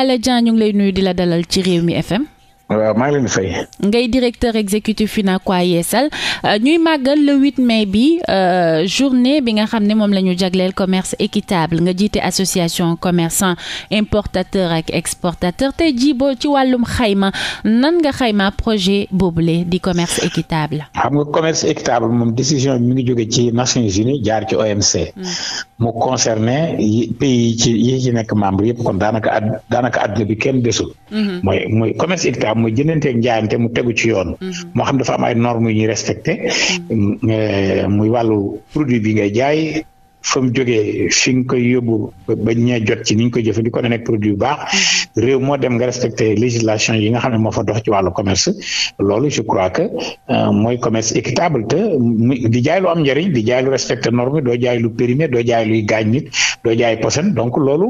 Alla Dieng ñu ngi lay nuyu di la dalal ci réew mi FM. waaw maa ngi leen di fay. ngay directeur exécutif Unacois Yessal euh, ñuy màggal le 8 mai bi euh, journée bi nga xam ne moom la ñu jagleel commerce équitable nga jiite association commerçant importateur ak exportateur te jii boo ci wàllum xayma nan nga xayma projet boobule di commerce équitable. xam nga commerce équitable moom décision bi mi ngi jóge ci Nations Unies jaar ci OMC. Hmm. mu concerné pays yi ci yi ci nekk membre yëpp kon daanaka daanaka àdduna bi kenn desul. Hmm. mooy mooy équitable. xam nga jëndanteeg mu tegu ci yoon. Mm-hmm. moo xam dafa am ay normes yu ñuy respecté. Mm-hmm. Mm-hmm. Euh, muy produit bi ngay jaay. fa mu jógee fi nga koy yóbbu ba ñee jot ci ni ñu koy jëfandikoo na nekk produit bu baax mm-hmm. rew moo dem nga respecté législation yi nga xam ne moo fa dox ci wàllu commerce loolu je crois que euh, mooy commerce équitable te di jaay lu njëriñ di jaay lu respecté norme doo jaay lu périmé doo jaay luy gaañ nit doo jaay posen donc loolu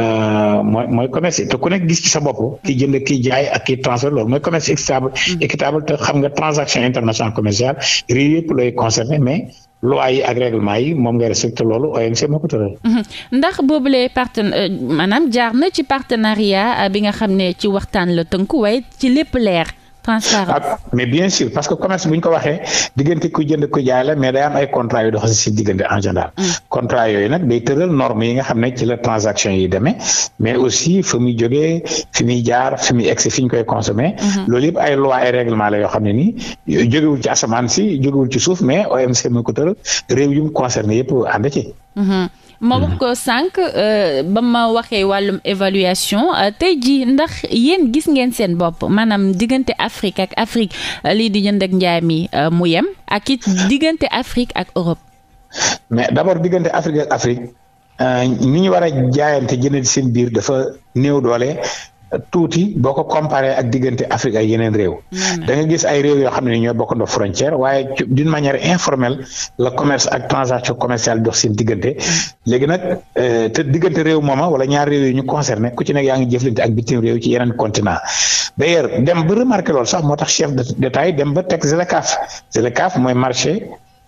euh, mooy mooy commerce te ku nekk gis ci sa bopp ki jënd ki jaay ak ki transfert loolu mooy commerce équitable mm-hmm. équitable te xam nga transaction internationale commerciale réew yëpp looy concerné mais loi yi ak règlement yi moom ngay respecté loolu OMC moo ko tëral. Mhm. ndax boobule partena euh, maanaam jaar na ci partenariat euh, bi nga xam ne ci waxtaan la tënku waaye ci lépp leer. transparence ah, mais bien sûr parce que commerce bu ñu ko waxee diggante kuy jënd kuy jaay la mais day ay contrat yu dox si diggante en mm. contrat yooyu nag day tëral norme yi nga xam ne ci la transaction yi demee mais aussi fa muy fi muy jaar fi muy egsi fi koy consommer. Mm-hmm. loolu yëpp ay loi ay règlement la xam ne nii jógewul ci asamaan si jógewul ci suuf mais OMC moo ko tëral réew yu mu yëpp ànd ci. Mm-hmm. ma wax ko sànq ba ma waxee wàllum évaluation euh, tey jii ndax yéen gis ngeen seen bopp maanaam diggante Afrique ak Afrique euh, lii di jënd ak njaay mi euh, mu yem ak it diggante Afrique ak Europe. mais d'abord diggante Afrique ak Afrique ni ñu war a jaayante jënd seen biir dafa néew doole tuuti boo ko comparé ak diggante Afrique ay yeneen réew. Hmm. da nga gis ay réew yoo xam ne ñoo bokkandoo frontière waaye d'une manière informelle la commerce ak transaction commerciale dox seen diggante. Hmm. léegi nag euh, te diggante réew mooma wala ñaar réew yi ñu concerné ku ci nekk yaa ngi jëflante ak bitim réew ci yeneen continent. d'ailleurs dem ba remarqué loolu sax moo tax chef de détail dem ba teg ZLECAf ZLECAf mooy marché.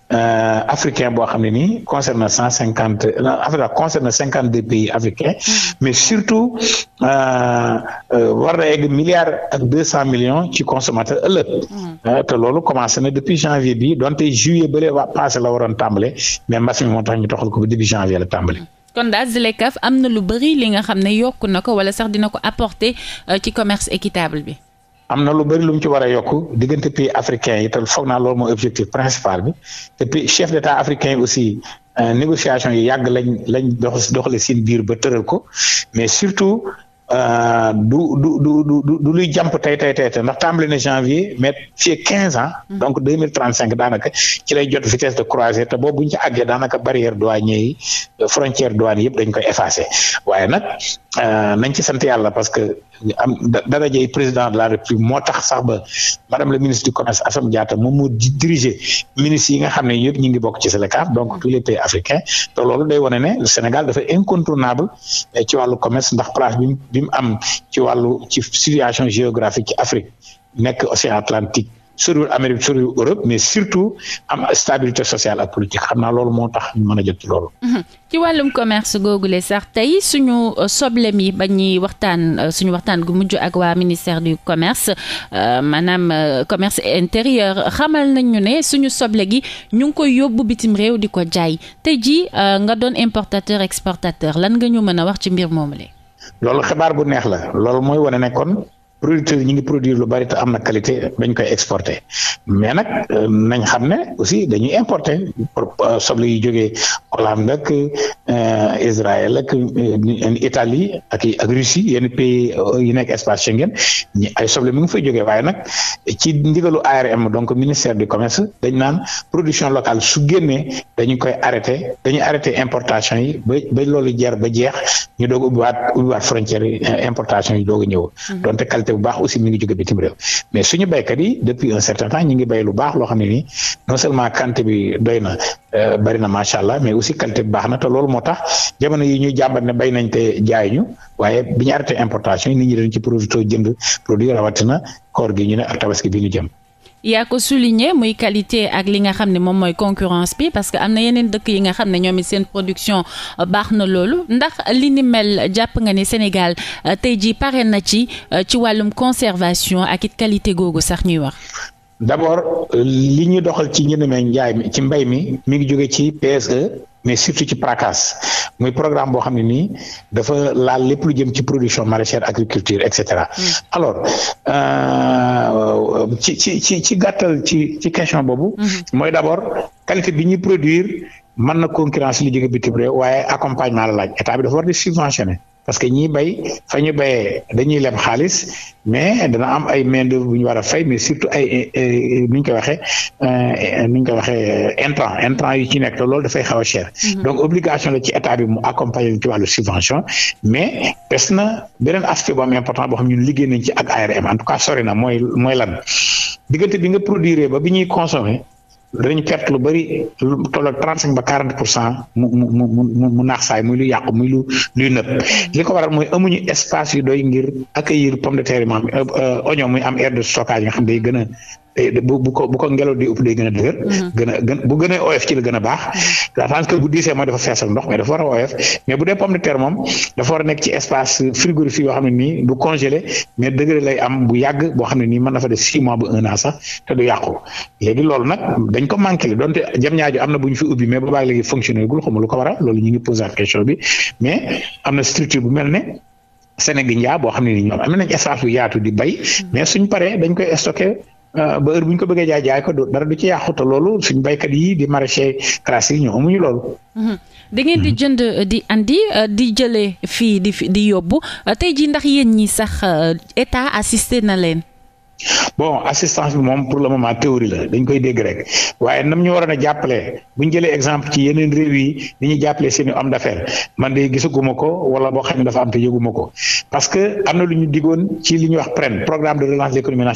Euh, africain boo xam ne nii concerne cent cinquante en fait concerne cinquante deux pays africains mm. mais surtout euh, euh, war na egg milliard ak deux cent millions ci consommateur ëllëg mm. te loolu commencé na depuis janvier bi donte juillet bële wa passé la waroon tàmbale mais mbas mi moo tax ñu toxal ko ba début janvier la tàmbale mm. kon daal ZLECAf am na lu bëri li nga xam ne yokk na ko wala sax dina ko apporter ci commerce équitable bi am na lu bëri lu mu ci war a yokku diggante pays africain yi te foog naa loolu mooy objectif principal bi te puis chef d'état africain yi aussi euh, négociation yi yàgg lañ lañ dox doxale seen biir ba tëral ko mais surtout euh, du du du du du luy jamp tey tey tey tey ndax tàmbali na janvier mais fii quinze ans mm. donc deux mille trente cinq daanaka ci lay jot vitesse de croisière te boobu ñu ci àggee daanaka barrière douanière yi frontière douane yëpp dañ koy effacé waaye nag Euh, nañ ci sant yàlla parce que am darajey président de la république moo tax sax ba madame le ministre du commerce Assome Diatta moom moo diriger ministres yi nga xam ne yëpp ñu ngi bokk ci Sénégal donc tous les pays africains te loolu day wane ne Sénégal dafa incontournable eh, ci wàllu commerce ndax place bi mu am ci wàllu ci situation géographique ci Afrique nekk Océan Atlantique soriwul Amérique soriwul Europe mais surtout am stabilité sociale ak politique xam naa loolu moo tax ñu a jot ci loolu. Mhm. ci wàllum commerce googule sax tey suñu euh, soblem yi bañ ñuy waxtaan euh, suñu waxtaan gu mujj ak waa ministère du commerce euh, maanaam commerce intérieur xamal nañu ne suñu soble gi ñu ngi koy yóbbu bitim réew di ko jaay tey jii nga doon importateur exportateur lan nga ñu mën a wax ci mbir moom la. loolu xibaar bu neex la loolu mooy wane ne kon producteurs yi ñu ngi produire lu bari te am na qualité dañ koy exporté mais nag euh, nañ xam ne aussi dañuy importer euh, soble yi jógee Hollande ak euh, Israël ak Italie ak ak Russie yenn pays yi nekk espace Schengen ñi ay soble mu ngi fay jógee waaye nag ci ndigalu ARM donc ministère du commerce dañ naan production locale su génnee dañu koy arrêté dañu arrêté importation yi ba ba loolu jar ba jeex ñu doog ubbiwaat ubbiwaat frontières yi importation yi doog ñëw mm-hmm. te baax aussi mi ngi jóge bitim réew mais suñu béykat yi depuis un certain temps ñu ngi béy lu baax loo xam ne nii non seulement quantité bi doy na euh, bari na macha allah mais aussi qualité bi baax na ta lool moo tax jamono yi ñuy jàmbat ne béy nañ te jaay ñu waaye bi ñu arrêté importation yi nit ñi dañ ci profité jënd produit rawatina koor gi ñu ne ak tabaski bi ñu jëm yaa ko souligné muy qualité ak li nga xam ne moom mooy concurrence bi parce que am na yeneen dëkk yi nga xam ne ñoom it seen production euh, baax na loolu ndax li ni mel jàpp nga ne Sénégal euh, tey jii pare na ci euh, ci wàllum conservation ak it qualité googu sax ñuy wax. d'abord li ñuy doxal ci njënd mi njaay mi ci mbay mi mu ngi jóge ci PSE mais surtout ci PRACAS muy programme boo xam ne nii dafa laal lépp lu jëm ci production maraîchère agriculture et cetera mm. boobu ci ci ci ci gàttal ci ci question boobu. Mhm. mooy d'abord qualité bi ñuy produire mën na concurrence li jóge bitim réew waaye accompagnement la laaj état bi dafa di subventionné. parce que ñiy bay fa ñu bayee dañuy leb xaalis mais dana am ay main d'œuvre bu ñu war a fay mais surtout ay ni ñu koy waxee euh, ni ñu koy waxee intrant intrant yu ci nekk loolu dafay xaw a cher. Mm-hmm. donc obligation la ci état bi mu accompagner ci wàllu subvention mais des na beneen aspect bu am important boo xam ñun liggéey nañ ci ak ARM en tout cas sori na mooy mooy lan diggante bi nga produire ba bi ñuy consommer. danañu perte lu bëri lu tolloo trente cinq ba quarante pour cent mu mu mu mu naax saay muy lu yàqu muy lu luy nëpp li ko waral mooy amuñu espace yu doy ngir accueillir pomme de terre yi maanaam euh, euh, oignon muy am aire de stockage nga xam day gën a Eh, bu bu ko bu ko ngelaw di ëpp day gën a dëgër. Mm-hmm. a gën bu gënee oyof ci la gën baax. Mm-hmm. bu diisee mooy mais dafa war a oyof mais bu dee pomme de terre moom dafa war a nekk ci espace frigorifique yoo xam nii du congelé mais degré lay am bu yàgg boo xam ne nii mën na fa def six mois ba un sax te du yàqu léegi loolu nag dañ ko manqué donte jam am na bu fi ubbi mais ba baax léegi fonctionné gul xamul lu ko waral loolu ñu ngi question bi mais am na structure bu mel ne. Sénégal boo Euh, ba heure bu ñu ko bëggee jaay jaay ko dara du ci yàqute loolu suñu baykat yi di maraîcher classe yi ñoo ñu loolu. Mhm. da ngeen di mhm. jënd euh, di andi euh, di jëlee fii di di yóbbu tey jii ndax yéen ñi sax état assisté na leen. bon assistance bi moom pour le moment théorie la dañ koy dégg waaye nam ñu waroon a jàppalee bu ñu exemple ci yeneen réew yi ni ñu jàppalee seen i homme d'affaires man de gisaguma ko wala boo xam ne te yëguma ko parce que am na lu ñu digoon ci li ñuy wax PREN programme de relance de na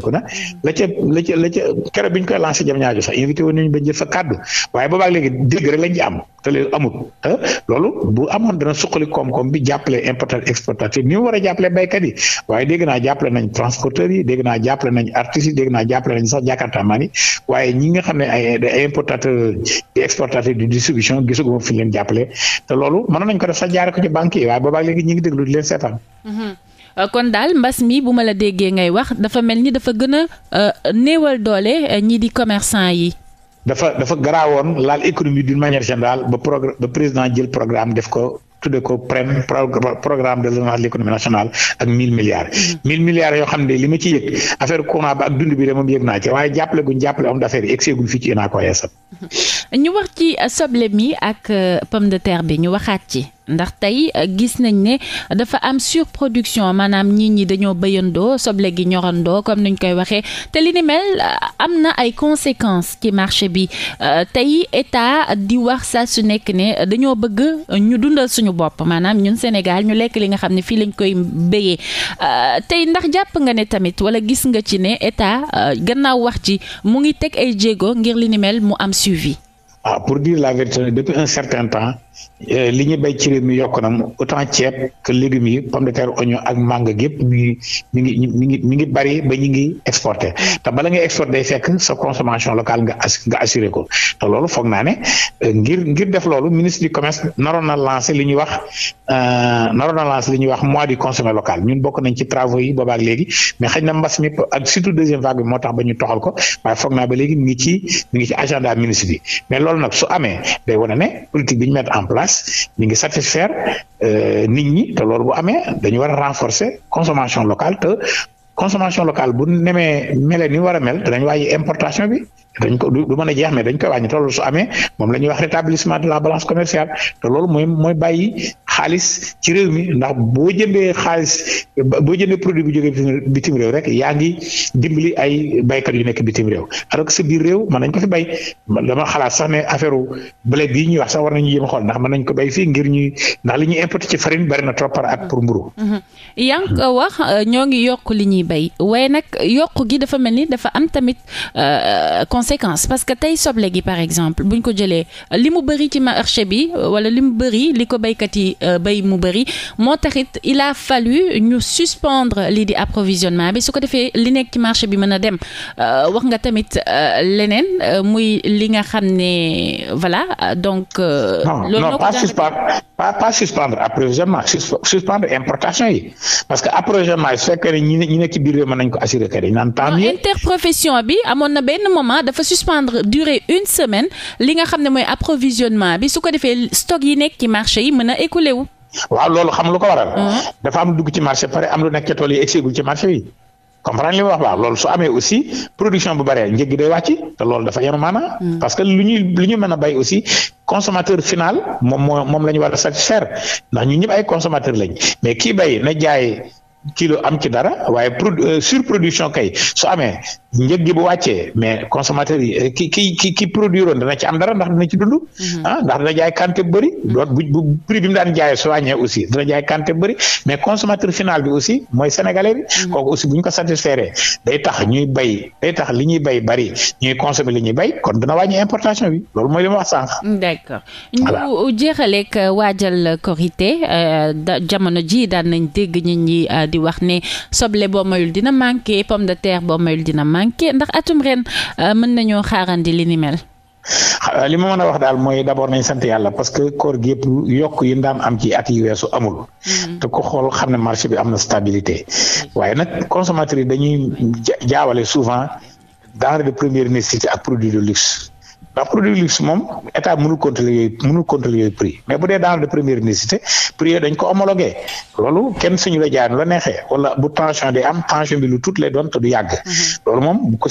ko na la ca la ca la ca keroog bi ñu koy lancé jam ñaajo sax invité woon nañu jël fa kàddu waaye boobaag léegi dégg rek am te léegi amut ah, loolu bu amoon dana suqali koom-koom bi jàppale importateur exportateur ni mu war a jàppale béykat yi waaye dégg naa jàppale nañ transporteurs yi dégg naa jàppale nañ artistes yi dégg naa jàppale nañ sax jakartamaan yi waaye ñi nga xam ne ay importateur di exportateur di distribution gisuguma fi ñu leen jàppale te loolu mënoon nañ ko def sax jaare ko ci banque yi waaye boobaa léegi ñi ngi déglu leen seetaan mhm. euh, kon daal mbas mi bu ma la déggee ngay wax dafa mel ni dafa gën a euh, néewal doole euh, ñii di commerçant yi. dafa dafa garaawoon laal économie tudde ko PREM programme de relance de l'économie nationale ak mille milliards mm-hmm. mille milliards yoo xam ne li ma ci yëg affaire courant ba ak dund bi de moom yëg naa ci waaye jàppale guñ jàppale homme d'affaires yi egseeguñ fii ci Unacois Yeesal mm-hmm. ñu wax ci soble mi ak euh, pomme de terre bi ñu waxaat ci ndax tey euh, gis nañ ne dafa am surproduction maanaam nit ñi dañoo béyandoo soble gi ñorandoo comme niñ koy waxee te li euh, am na ay conséquence ci marché bi euh, tey état di wax saa su nekk ne dañoo bëgg ñu dundal suñu bopp maanaam ñun Sénégal ñu lekk li nga xam ne fii lañ koy béyee tey ndax jàpp nga ne tamit wala gis nga ci ne état gannaaw wax ci mu ngi teg ay jéego ngir li ni mu am suivi. ah pour dire la vérité depuis un certain temps. Euh, li ñu béy ci réew mi yokk na autant ceeb légumes yi pomme de terre oignon ak mangue gi mi ngi mi ngi mi ngi bari ba ñu ngi exporté te bala ngay exporté day fekk sa consommation locale nga as assuré ko te loolu foog naa ne euh, ngir ngir def loolu ministre du commerce naroon na lancé li ñuy wax euh, naroon na lancé li ñuy wax mois du consommer local ñun bokk nañ ci travaux yi boobaak léegi mais xëy na mbas mi ak surtout deuxième vague bi moo tax ba ñu toxal ko waaye foog naa ba léegi mi ngi ci mi ngi ci agenda ministre bi bi en place ñu ngi satisfaire euh, nit ñi te loolu bu amee dañu war a renforcer consommation locale te consommation locale bu nemee mele ni war a mel te dañu wàññi importation bi dañ ko du a jeex mais dañ koy wàññi toll su amee moom la ñuy wax rétablissement de la balance commerciale te loolu mooy bàyyi xaalis ci réew mi ndax boo jëndee xaalis boo jëndee produit bu jógee bitim réew rek yaa ngi dimbali ay baykat yu nekk bitim réew alors que sa biir réew mën nañ ko fi bay dama xalaat sax ne affaire blé bii ñuy wax sax war nañu yéem a xool ndax mën nañ ko bay fii ngir ñuy ndax ci farine bari na trop par at pour mburu mm-hmm. yaa ngi ko wax euh, ñoo ngi yokk li ñuy bay waaye nag yokk gi dafa mel ni dafa am euh, euh, conséquence parce que tey soble gi par exemple buñ ko jëlee li mu bëri ci marché bi euh, wala li mu bëri li ko béykat yi euh, béy mu bëri moo taxit il a fallu ñu suspendre lii di approvisionnement bi su ko defee li nekk ci marché bi mën a dem euh, wax nga tamit leneen muy li nga xam ne voilà donc. loolu non pas suspendre pas pas suspendre approvisionnement suspendre importation yi parce que approvisionnement yi su fekkee ne ñi nekk ci biir réew mën ko assurer que dañu naan tant mieux interprofession bi amoon na benn moment. dafa suspendre durée une semaine li nga xam ne mooy approvisionnement bi su ko defee stock yi nekk ci marché yi mën na écoulé wu. waaw loolu xam lu ko waral. dafa am dugg ci marché pare am lu nekk ca tool yi egsegul ci marché yi. comprendre li ma wax baax loolu su amee aussi production bu bëree njëg day wax ci te loolu dafa yenu maana parce que lu ñuy lu ñu mën a bay aussi consommateur final moom moo moom la ñu war a satisfaire ndax ñu ñëpp ay consommateur lañ mais kii bay na jaay kilo am ci dara waaye pro euh, surproduction kay su amee njëg gi bu wàccee mais consommateur yi euh, ki ki ki ki produiroon dana ci am dara ndax dana ci dund. Mm-hmm. Ah, ndax dana jaay quantité bu mais consommateur final bi aussi mooy sénégalais bi. Mm-hmm. kooku aussi bu ñu ko satisfaire day tax ñuy bay day tax li ñuy bay bari ñuy consommer li ñuy bay kon dana wàññi importation bi loolu mooy li wax sànq. d'accord ñu jeexaleeg euh, waajal korité jamono ji daan nañ dégg ñi di wax ni soble boo mayul dina manqué pomme de terre boo mayul dina manqué ndax atum ren euh, mën nañoo xaarandi li ni mel. li ma mën a wax daal mooy d'abord nañ sant yàlla parce que koor gi yëpp yokk yi ndaan am ci at yi weesu amul. Mm-hmm. te ko xool xam ne marché bi am na stabilité. waaye nag consommateur dañuy jaawale souvent denrée de première nécessité ak produit de luxe. ndax produit luxe moom état mënul contrôler yooyu mënul contrôler yooyu prix mais bu dee denrée de première nécessité prix yooyu dañ ko homologué loolu kenn suñu la jaay la neexee wala bu tension di am tension bi lu tuut lay doon te du yàgg. Mm-hmm. loolu moom bu ko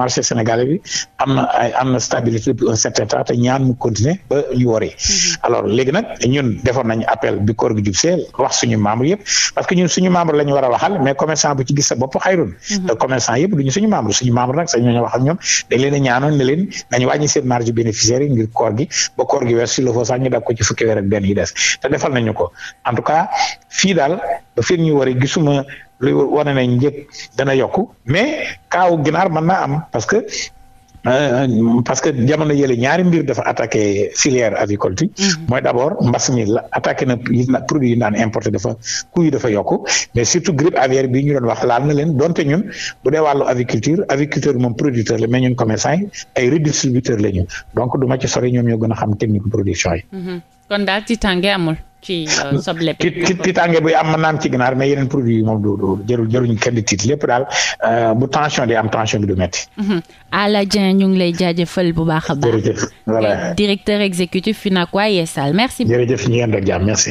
marché sénégalais bi am na stabilité depuis un certain temps ñaan mu continuer ba ñu wari. Mm-hmm. alors léegi nag ñun defoon nañu appel bi koor gi wax suñu membre yëpp parce que ñun suñu membre la ñu war a mm-hmm. a ñaanoon marge bénéficiaire yi ngir koor gi ba koor gi weer si la foo sax ñu dag ko ci fukki weer ak benn yi des defal nañu ko en tout cas fii daal ba fi ñu war a gisuma lu wane ne njëg dana yokk mais kaaw ginaar mën am parce que Euh, parce que jamono yële ñaari mbir dafa attaqué filière aviculture. Mhm. mooy d' mbas mi la na yi produit yi naan importé dafa coût yi dafa yokk mais surtout grippe aviaire bi ñu doon wax laal na leen donte ñun bu dee wàllu aviculture aviculteur moom producteur la mais ñun commerçant yi ay redistributeur la ñu donc du ma ci sori ñoom ñoo gën a xam technique production yi. Mhm. kon daal ci amul. ci euh, soble bi. tiitaange bi am mën naa am ci ginaar mais yeneen produit yi moom du du jarul jaruñu kenn tiit lépp daal euh, bu tension di am tension bi du métti. Mhm. Alla Dieng ñu ngi lay jaajëfal bu baax a baax. jërëjëf voilà directeur exécutif Unacois Yessal merci. jërëjëf ñu merci.